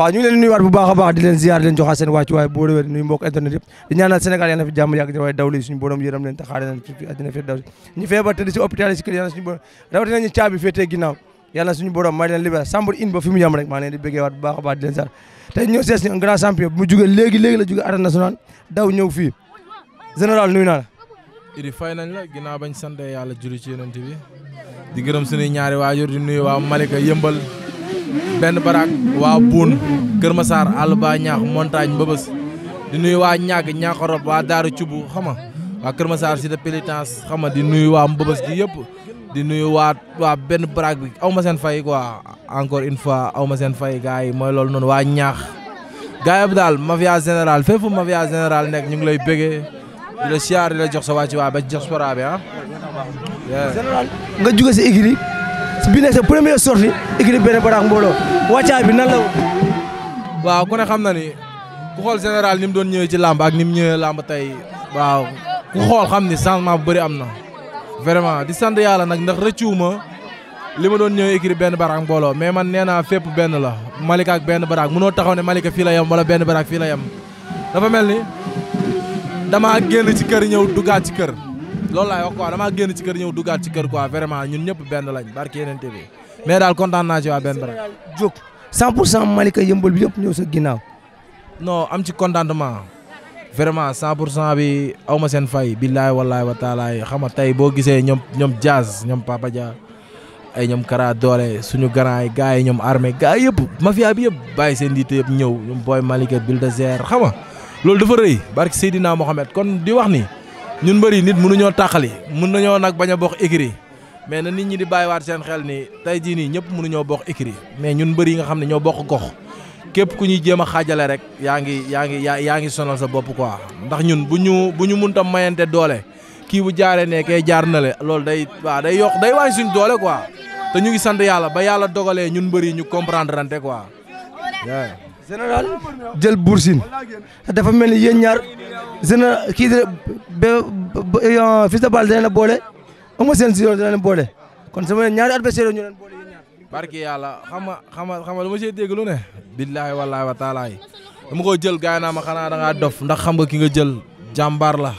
waaw ñu leen di nuyuwaat bu baax a baax di leen ziar di leen joxaat seen wàccuwaay boo déwee nuyu mbokk internet di ñaanal Sénégal yàlla fi jàmm yàgg waaye daw lii suñu borom yërëm leen taxaare leen fi àddina fi feebar tëdd si hôpital yi si kër yàlla suñu borom ñu caabi féetee ginnaaw yàlla suñu borom may leen libéré Sambour in ba fi mu yem rek maa leen di bëggee waat baax a baax di leen sar ñëw sees ñu grand champion bu mu jugee léegi léegi la jugee arène nationale daw ñëw fii général nuyu naa la idi fay nañ la ginnaaw bañ sant yàlla julli ci yonent bi di gërëm suñuy ñaari waajur di nuyu waa Malika yëmbal benn barak waa Boune Kër Massar àll ba ñaax montagne mbëbës di nuyu waa ñàgg ñaaxorob waa daaru cubu xama waa Kër si de pélétance xama di nuyu waa mbëbës gi yëpp di nuyu waa waa benn baraag bi aw masin seen fay quoi une fois aw ma seen fay gars yi mooy loolu noonu waa ñaax gars yi daal mafia général fépp mafia général nekk ñu ngi lay bëggee di la siyaar di la jox sa wàcc waa ba jox bi ah. jóge si écurie bi ne sa première sortie écurie benn baraag mbooloo wàccaay bi nan la waaw ku ne xam na ku xool général ni mu doon ñëwee ci làmb ak ni mu ñëwee làmb tey waaw ku xool xam ni changement bu bëri am na. vraiment di sant yàlla nag ndax rëccuwuma li ma doon ñëw écrit benn baraak mbooloo mais man nee naa fépp benn la Malika ak benn baraak mënoo taxaw ne Malika fii la yem wala benn baraak fii la dafa mel ni damaa génn ci kër ñëw dugaat ci kër loolu laay wax quoi damaa génn ci kër ñëw duggaat ci kër quoi vraiment ñun ñëpp benn lañ barki yeneen TV mais daal kontaan naa ci waa benn baraak jóg 100 pour cent Malika yëmbal bi yëpp ñëw sa ginnaaw non am ci contentement vraiment 100 pour cent bi aw ma seen fay billaay wallaay wa taalaay xam nga tey boo gisee ñoom ñoom Diaz ñoom Papa Dia ay ñoom Kara Doole suñu garaay gars yi ñoom armée gars yëpp mafia bi yëpp bàyyi seen diite yëpp ñëw ñoom Boy Malika Bulldozer xam nga loolu dafa rëy barke Seydina Mohamed kon di wax ni ñun bëri nit mënuñoo tàqali mun nañoo nag bañ a bokk écrit mais na nit ñi di waat seen xel ni tey jii nii ñëpp mënuñoo bokk écrit mais ñun bëri yi nga xam ne ñoo bokk gox képp ku ñuy jéem a xaajale rek yaa ngi yaa ngi yaa ngi sonal sa bopp quoi ndax ñun bu ñu bu ñu mënta mayante doole kii bu jaaree ne kay jaar na le loolu day waaw day yokk day wàññi suñ doole quoi te ñu ngi sant yàlla ba yàlla dogalee ñun mbëri ñu comprendre rante quoi. général jël Bour Sine dafa mel ni yéen ñaar général kii de ba Fils de Balla boole Eumeu Sène si boole kon sama ñaari adversaire ñu leen boole. barki yàlla xam nga xam nga xam nga lu ma see dégg lu ne. billaahi wallaahi wa taalaay dama ko jël gaay naa ma xanaa dangaa dof ndax xam nga ki nga jël jàmbaar la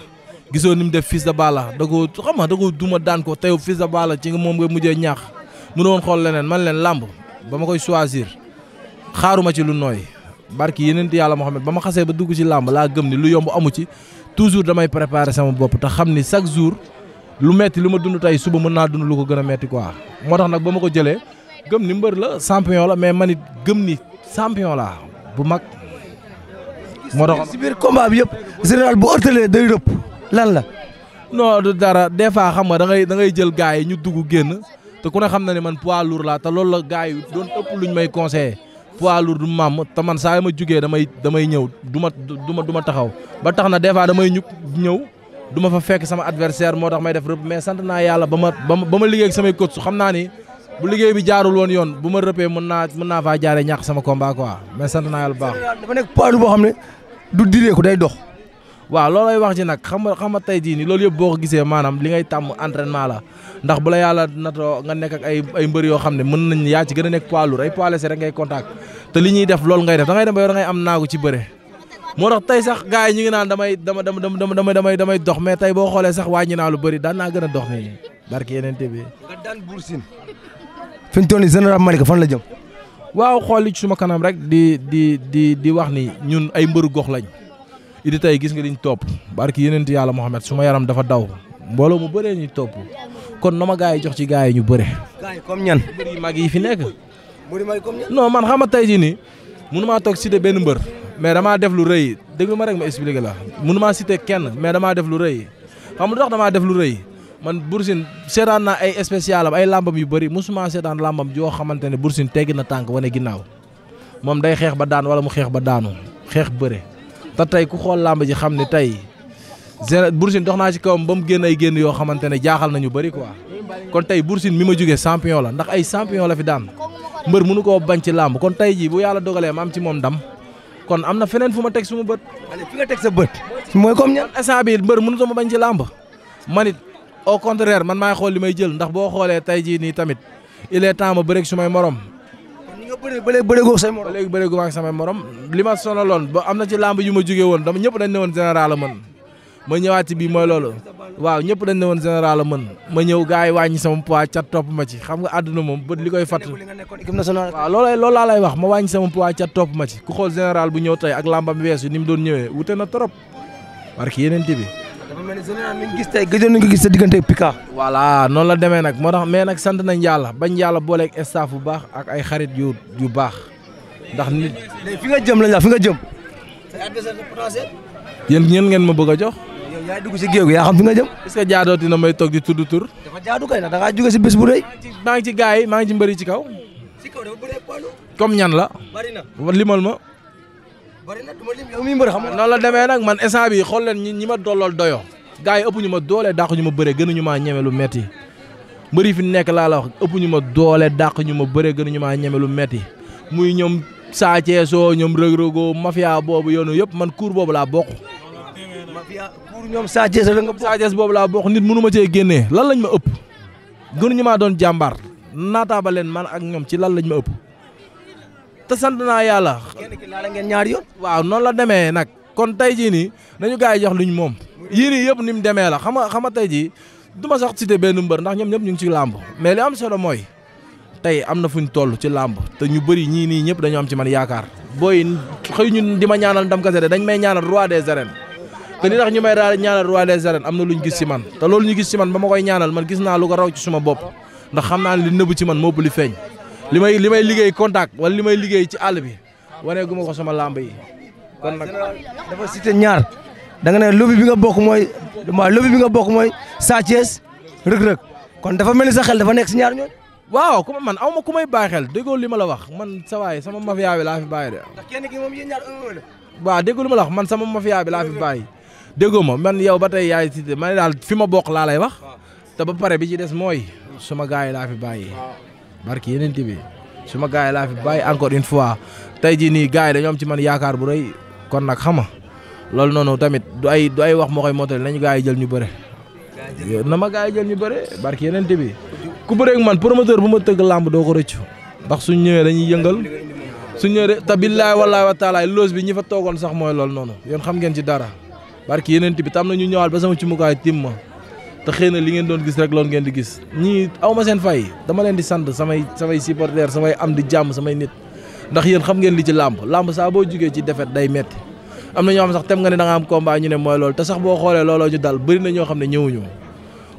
gisoo ni mu def fils de Balla da ko xam nga da ko duma daan ko tey fils de baala ci nga moom nga mujjee ñaax mu doon xool leneen man leen làmb ba ma koy choisir xaaruma ci lu nooy barki yeneen yàlla moo xam ne ba ma xasee ba dugg ci làmb laa gëm ni lu yomb amu ci toujours damay préparer sama bopp te xam ni chaque jour lu metti li ma dund tey suba mën naa dund lu ko gën a metti quoi moo nag ba ma ko jëlee gëm ni mbër la champion la mais man it gëm ni champion la bu mag. moo tax si biir combat bi yëpp général bu ortelee day rëpp lan la. no du dara des fois xam nga da dangay jël gars yi ñu dugg génn te ku ne xam na ne man poids lourd laa te loolu la gars yi doon ëpp luñ may conseillé poids lourd du mam te man saa yi ma jugee damay damay ñëw du ma du ma du ma taxaw ba tax na des fois damay ñëw. du ma fa fekk sama adversaire moo tax may def rëbb mais sant naa yàlla ba ma ba ma liggéey xam naa ni bu liggéey bi jaarul woon yoon bu ma rëppee mën naa mën naa faa jaaree ñàkk sama combat quoi mais sant naa yàlla baax. dafa nekk poids boo xam ne du ko day dox. waaw loolay wax ci nag xam nga xam nga tey jii nii loolu yëpp boo ko gisee maanaam li ngay tàmm entraînement la ndax bu la yàlla natoo nga nekk ak ay ay mbër yoo xam ne mën nañ yaa ci gën a nekk poids lourd ay poids léger ngay contact te li ñuy def loolu ngay def da dem ba yow da ngay am naagu ci bëre moo tax tey sax gars yi ñu ngi naan damay dama dama dama damay damay dox mais tey boo xoolee sax wàññi naa lu bëri daan gën a dox nii barki yeneen bi nga daan fi mu toll nii général Malika fan la jëm. waaw xool ci suma kanam rek di di di di wax ni ñun ay mbëru gox lañ idi tey gis nga liñ topp barki yeneen yàlla Mouhamed suma yaram dafa daw mbooloo mu bëree ñu topp kon na ma gaa yi jox ci gaa yi ñu bëre. gaa yi ñan. mbër mag yi fi nekk. mbër yi mag yi comme man xam nga tey jii nii mënumaa toog cité benn mbër mais damaa def lu rëy déglu ma rek ma expliqué la mënumaa cité kenn mais damaa def lu rëy xam nga tax damaa def lu rëy man Boursine seetaan naa ay spécial am ay làmbam yu bëri mosuma seetaan làmbam joo xamante ne Boursine teggi na tànk wane ginnaaw moom day xeex ba daan wala mu xeex ba daanu xeex bëre te tey ku xool làmb ji xam ne tey Boursine dox naa ci kawam ba mu génn ay génn yoo xamante ne jaaxal nañu bëri quoi kon tey Boursine mi ma jógee champion la ndax ay champion la fi daan mbër mënu koo bañ ci làmb kon tey jii bu yàlla dogalee ma am ci moom ndam kon am na feneen fu ma teg suma bët. sa bët. mooy comme ñaan instant bii mbër mënu ma bañ ci làmb man au contraire man maa xool li may jël ndax boo xoolee tey jii nii tamit il est temps ma bëreeg su may morom. ni nga bëree bëree bëreegoo say morom. samay morom li ma sonaloon ba am na ci làmb yu ma jógee woon dama ñëpp dañ ne woon général la mën ma ñëwaat ci bii mooy loolu waaw ñëpp dañ ne woon général la mën ma ñëw gars yi wàññi sama poids cat topp ma ci xam nga àdduna moom bët li koy fàtt waaw loolay loolu laa lay wax ma wàññi sama poids cat topp ma ci ku xool général bu ñëw tey ak làmbam weesu ni mu doon ñëwee wute na trop barki yeneen bi dafa mel ni général mi ngi gis tey gëjoon nañu ko gis sa diggante ak Pika. noonu la demee nag moo tax mais nag sant nañ yàlla ba yàlla booleeg staff bu baax ak ay xarit yu yu baax ndax nit. léegi fi nga jëm lañ la fi nga jëm. yéen ñeen ngeen ma bëgg a jox. yow yaay dugg si géew gi yaa xam fi nga jëm. est-ce que na may toog di tudd tur. dafa jaadu kay ndax da ngaa si bés bu rëy. maa ngi ci gaa yi maa ngi ci mbëri ci kaw. ci comme ñan la. limal ma bëri na du ma lim xam ah, nga. la demee nag man instant bi xool leen ñi ñi ma dollool doyoo. gars yi ëpp ñu ma doole dàq ñu ma bëre gënuñu maa ñeme lu metti mbër nekk laa la wax ma doole dàq ñu ma bëre gënuñu maa ñeme lu metti muy ñoom Sa Thiès ñoom Reug Reug mafia boobu yoonu yëpp man cour boobu laa bokk. mafia ñoom Sa Thiès la nga. Sa Thiès boobu laa bokk nit mënu ma cee génnee lan lañ ma ëpp gënuñu maa doon jàmbaar naataa ba leen man ak ñoom ci lan lañ ma ëpp te sant naa yàlla. kenn ki ngeen ñaar yoon. waaw noonu la demee nag kon tey jii nii nañu gars yi lu luñ moom yii nii yëpp ni mu demee la xam nga xam nga tey jii du ma sax cité benn mbër ndax ñoom ñëpp ñu ngi ci làmb mais am solo mooy tey am na fuñ toll ci làmb te ñu bëri ñii nii ñëpp dañu am ci man yaakaar. booy xëy ñun di ma ñaanal ndam kese de dañ may ñaanal roi des arènes te li tax ñu may daal ñaanal am na luñ gis ci man te loolu ñu gis ci man ba ma koy ñaanal man gis naa lu ko raw ci suma bopp ndax xam naa ne li nëbb ci li feeñ li may li may liggéey contact wala li may liggéey ci àll bi wanee guma ko sama làmb yi dafa cité ñaar danga ne lobby bi nga bokk mooy waaw lobby bi nga bokk mooy Sa Thiès rëg kon dafa mel ni sa xel dafa nekk si ñaar ñooñu waaw ku ma man aw ma ku may bàyyi xel li ma la wax man sa waay sama mafia bi laa fi bàyyi ndax kenn ki moom yéen man sama mafia bi laa fi bàyyi déggoo ma man yow ba tey yaay cité ma daal fi ma bokk laa lay wax te ba pare bi ci des mooy suma gars yi laa fi bàyyi. barki yeneen bi su ma yi laa fi bàyyi encore une fois tey jii nii gars yi dañoo am ci man yaakaar bu rëy kon nag xama loolu noonu tamit du ay du wax moo koy mottali nañu gars yi jël ñu bëre. na ma gars yi jël ñu bëre barki yeneen bi ku bëreeg man promoteur bu ma tëgg làmb doo ko rëccu ndax suñ ñëwee dañuy yëngal suñ ñëwee te billaay wallaay wa taalaay loos bi ñi fa toogoon sax mooy loolu noonu yéen xam ngeen ci dara barki yeneen bi tam na ñu ñëwaat ba ci mukaay tim te xëy na li ngeen doon gis rek loolu ngeen di gis ñii aw ma seen fay dama leen di sant samay samay supporters samay am di jàmm samay nit ndax yéen xam ngeen li ci làmp làmb saa boo jugee ci defet day metti am na ñoo xam sax tem nga ne da am combat ñu ne mooy loolu te sax boo xoolee looloo ñu dal bëri na ñoo xam ne ñëwuñu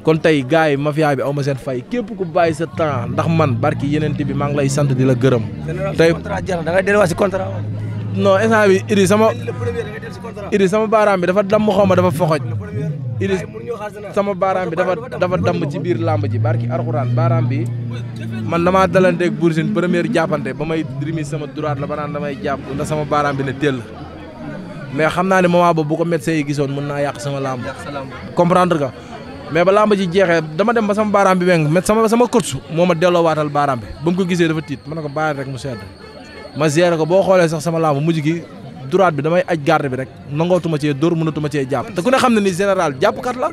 kon tey gars yi mafia bi aw ma seen fay képp ku bàyyi sa temps ndax man barki yeneen bi maa ngi lay sant di la gërëm. tey contrat jar da ngay delluwaat si contrat non instant bi Idy sama baaraam bi dafa damm xaw ma dafa foxoj Ilis sama baaraam bi dafa dafa damm ci biir làmb ji barki arxuraan baaraam bi man damaa dalanteeg Boursin première jàppante ba may rimi sama droite la ba naan damay jàpp ndax sama baaraam bi ne teel mais xam naa ne moment boobu bu ko médecin gisoon mën naa yàq sama làmb comprendre ka mais ba làmb ji jeexee dama dem ba sama baaraam bi weng met sama sama coach moo ma delloowaatal baaraam bi ba ko gisee dafa tiit ma ne ko bàyyi rek mu sedd ma gérer ko boo xoolee sax sama làmb mujj gi droite bi damay aj garde bi rek nangootuma cee dóor mënatuma cee jàpp te ku ne xam ne ni général jàppkat la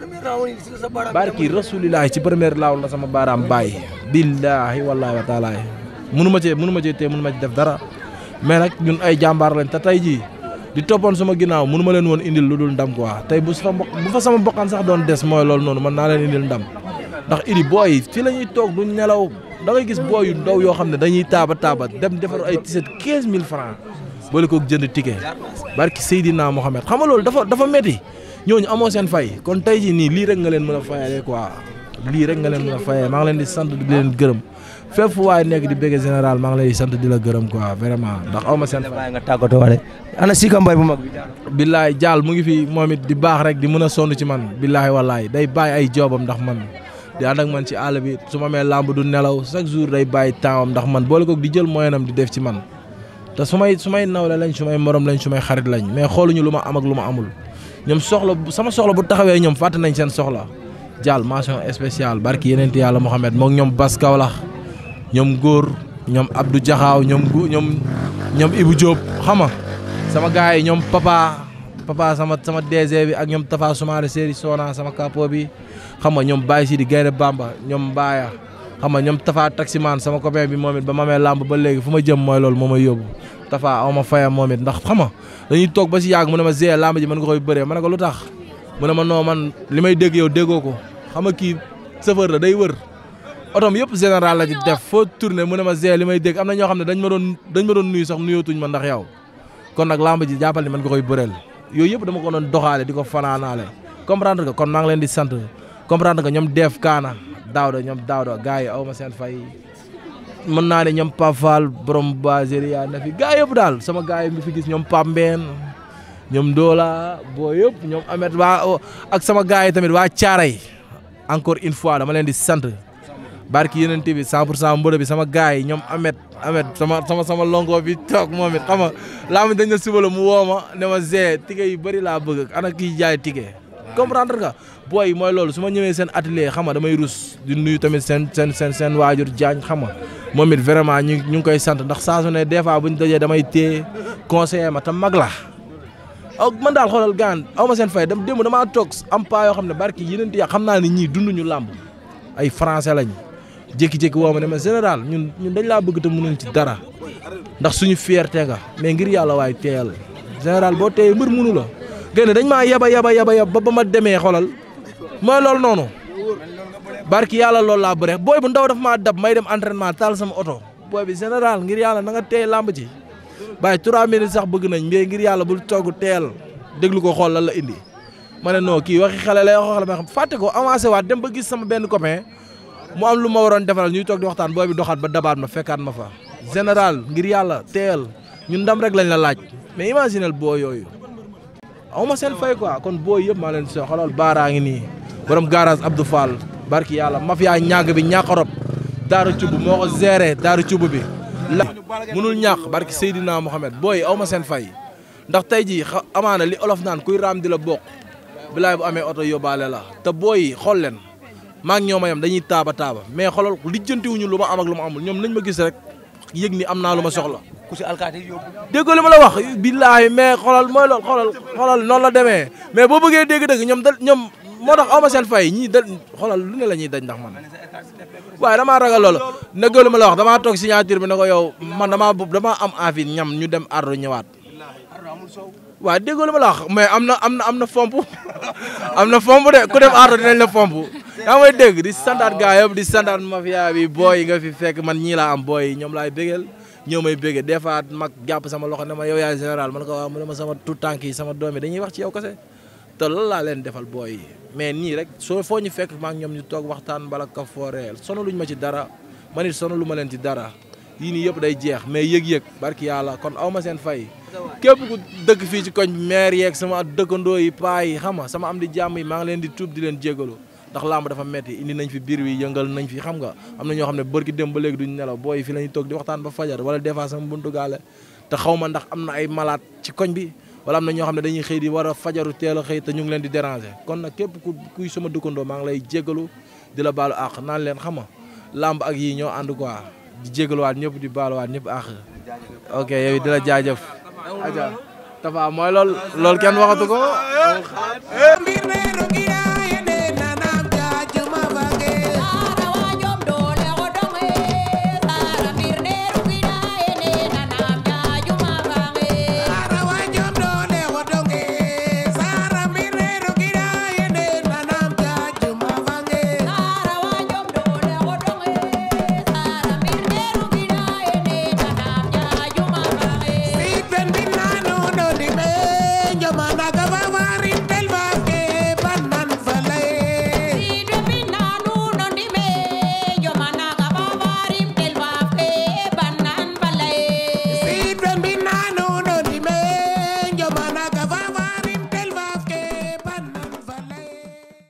barki rasulilahi ci première laaw la sama baaraam bàyyi billaahi wallaahi wa taala mënuma cee mënuma cee tee mënuma ci def dara mais nag ñun ay jàmbaar lañ te tey jii di toppoon sama ginnaaw mënuma leen woon indil lu dul ndam waa tey bu sama bu fa sama bokkaan sax doon des mooy loolu noonu mën naa leen indil ndam ndax iri booy fii la ñuy toog du nelaw gis booy yu ndaw yoo xam ne dañuy taaba taaba dem defar ay tiset mille francs boole kook jënd ticket barki Seydina Mohamed xam nga loolu dafa dafa métti ñooñu amoo seen fay kon tey jii nii lii rek nga leen mën a fayalee quoi lii rek nga leen mën a fayee maa ngi leen di sant di leen gërëm fépp waaye nekk di bëgg général maa ngi leen sant di la gërëm quoi vraiment ndax aw ma seen fay nga tàggatoo wala ana Sika Mbaye bu mag bi billaay jaal mu ngi fi moom it di baax rek di mën a sonn ci man billaay wallaay day bàyyi ay joobam ndax man di ànd ak man ci àll bi su ma mee làmb du nelaw chaque jour day bàyyi tempsam ndax man boole ko di jël moyenam di def ci man te su may su may nawle lañ su may morom lañ su may xarit lañ mais xooluñu lu ma am ak lu ma amul ñoom soxla bu sama soxla bu taxawee ñoom fàtte nañ seen soxla jàll mention spéciale barki yeneenti yàlla Mouhamed moom ñoom Bas Kaolack ñoom Góor ñoom Abdou Diakhaaw ñoom gu ñoom ñoom Ibou Diop xama sama gars yi ñoom papa papa sama sama DG bi ak ñoom Tafa Soumaré Séri Sona sama capo bi xam nga ñoom Baye Sidi Gaynde Bamba ñoom Mbaaya xam nga ñoom Tafa taximaan sama copain bi moom ba ma amee làmb ba léegi fu ma jëm mooy loolu moo may yóbbu Tafa aw ndax xam nga dañuy toog ba si yàgg mu ne ma Zia làmb ji mën nga koy bëree ma ne ko lu tax mu ne ma non man li may dégg yow déggoo ko xam nga kii chauffeur la day wër otom yëpp général la ci def foo tourné mu ne ma Zia li may dégg am na ñoo xam ne dañ ma doon dañ ma doon nuyu sax nuyootuñ ma ndax yow kon nag làmb ji jàppal ni mën nga koy bëreel yooyu yëpp dama ko doon doxaale di ko fanaanaale comprendre nga kon maa leen di sant comprendre nga ñoom Def Kaana Daawda ñoom Daawda gars yi aw fay mën naa ne ñoom Pape Fall borom Bazeria na fi gars daal sama gars yi mi fi gis ñoom Pape Mbène ñoom Dola boo yëpp ñoom Amet oh, ak sama gars yi tamit waa Caaray encore une fois dama leen di sant barki yeneen bi 100 pour cent mbërë bi sama gars yi ñoom Amet Amet sama sama longo bi toog moom it xam nga laa dañ na suba mu woo ne ma zee tige yu bëri laa bëgg ana kiy jaay tige. comprendre nga booy mooy loolu su ma ñëwee seen atelier xam nga damay rus di nuyu tamit seen seen seen seen waajur jaañ xam nga moom it vraiment ñu ñu ngi koy sant ndax saa su ne des fois bu ñu dajee damay téye conseiller ma tam mag la aw man daal xoolal gaan aw ma seen fay dem démb damaa toog am yoo xam ne barki yeneen ya xam naa ne ñii dunduñu làmb ay français lañ jékki-jékki woo ne ma général ñun ñun dañ laa bëgg te mënuñ ci dara ndax suñu fierté nga mais ngir yàlla waay teeyal général boo teeyee mbër mënu la. génn dañ maa yaba yaba yaba yab ba ba ma demee xolal mooy loolu noonu barki yàlla loolu laa bëre booy bu ndaw dafa maa dab may dem entraînement taal sama oto booy bi général ngir yàlla na nga teey làmb ci bàyyi trois minutes sax bëgg nañ mais ngir yàlla bul togg teel déglu ko xool lan la indi ma ne non kii waxi xale lay wax ma xam fàtte ko avancé waa dem ba gis sama benn copain mu am lu ma waroon defaral ñuy toog di waxtaan booy bi doxaat ba dabaat ma fekkaat ma fa général ngir yàlla teel ñun rek lañ la laaj mais imaginel boo yooyu aw ma seen fay quoi kon booy yëpp maa leen so xoolal baaraa ngi nii borom garage Abdou Fall barki yàlla mafia ñàgg bi ñàqorob daaru cub moo ko géré daaru cub bi la mënul ñàq barki Seydina Mohamed booy aw ma seen fay ndax tey jii amaana li olof naan kuy raam di la bokk bilaay bu amee oto yóbbaale la te booy xool leen maa ñoom a yam dañuy taaba taaba mais xoolal lijjantiwuñu lu ma am ak lu ma amul ñoom nañ ma gis rek yëg ni am naa lu ma soxla ku si alkaati yi yóbbu déggoo li ma la wax billaahi mais xoolal mooy lool xoolal xoolal noonu la demee mais boo bëggee dégg dëgg ñoom da ñoom moo tax aw ma seen fay ñii da xoolal lu ne la ñuy daj ndax man waaye damaa ragal loolu déggoo li ma la wax damaa toog signature bi ne ko yow man damaa damaa am envie ñam ñu dem ardo ñëwaat waaw déggoo li ma la wax mais am na am na am na fomp am na fomp de ku dem ardo dinañ la fomp yaa may dégg di santaat gaa yëpp di santaat mafia bi booy yi man ñii laa am booy yi ñoom laay ñëw may béggee des fois mag jàpp sama loxo ne ma yow yaay général man ko waaw mu ne sama tout tànk yi sama doom yi dañuy wax ci yow kese te loolu laa leen defal booy yi mais nii rek soo foo ñu fekk maak ñoom ñu toog waxtaan bala ka fooree sonaluñ ma ci dara man it lu ma leen ci dara yii nii yëpp day jeex mais yëg-yëg barki yàlla kon aw ma seen fay képp ku dëkk fii ci koñ maire yeeg sama dëkkandoo yi paa yi xam nga sama am di jàmm yi maa ngi leen di tuub di leen jégalu ndax làmb dafa metti indi nañ fi biir wi yëngal nañ fi xam nga am na ñoo xam ne bërki dem ba léegi duñ nelaw booy fi la ñuy toog di waxtaan ba fajar wala des sama buntu gaale te xaw ma ndax am na ay malaat ci koñ bi wala am na ñoo xam ne dañuy xëy di war a fajaru teel xëy te ñu ngi leen di déranger kon nag képp ku kuy sama dëkkandoo maa ngi lay jégalu di la baalu àq naan leen xama làmb ak yi ñoo ànd quoi di jégaluwaat ñëpp di baaluwaat ñëpp àq ok yow di la jaajëf aja tafa mooy lool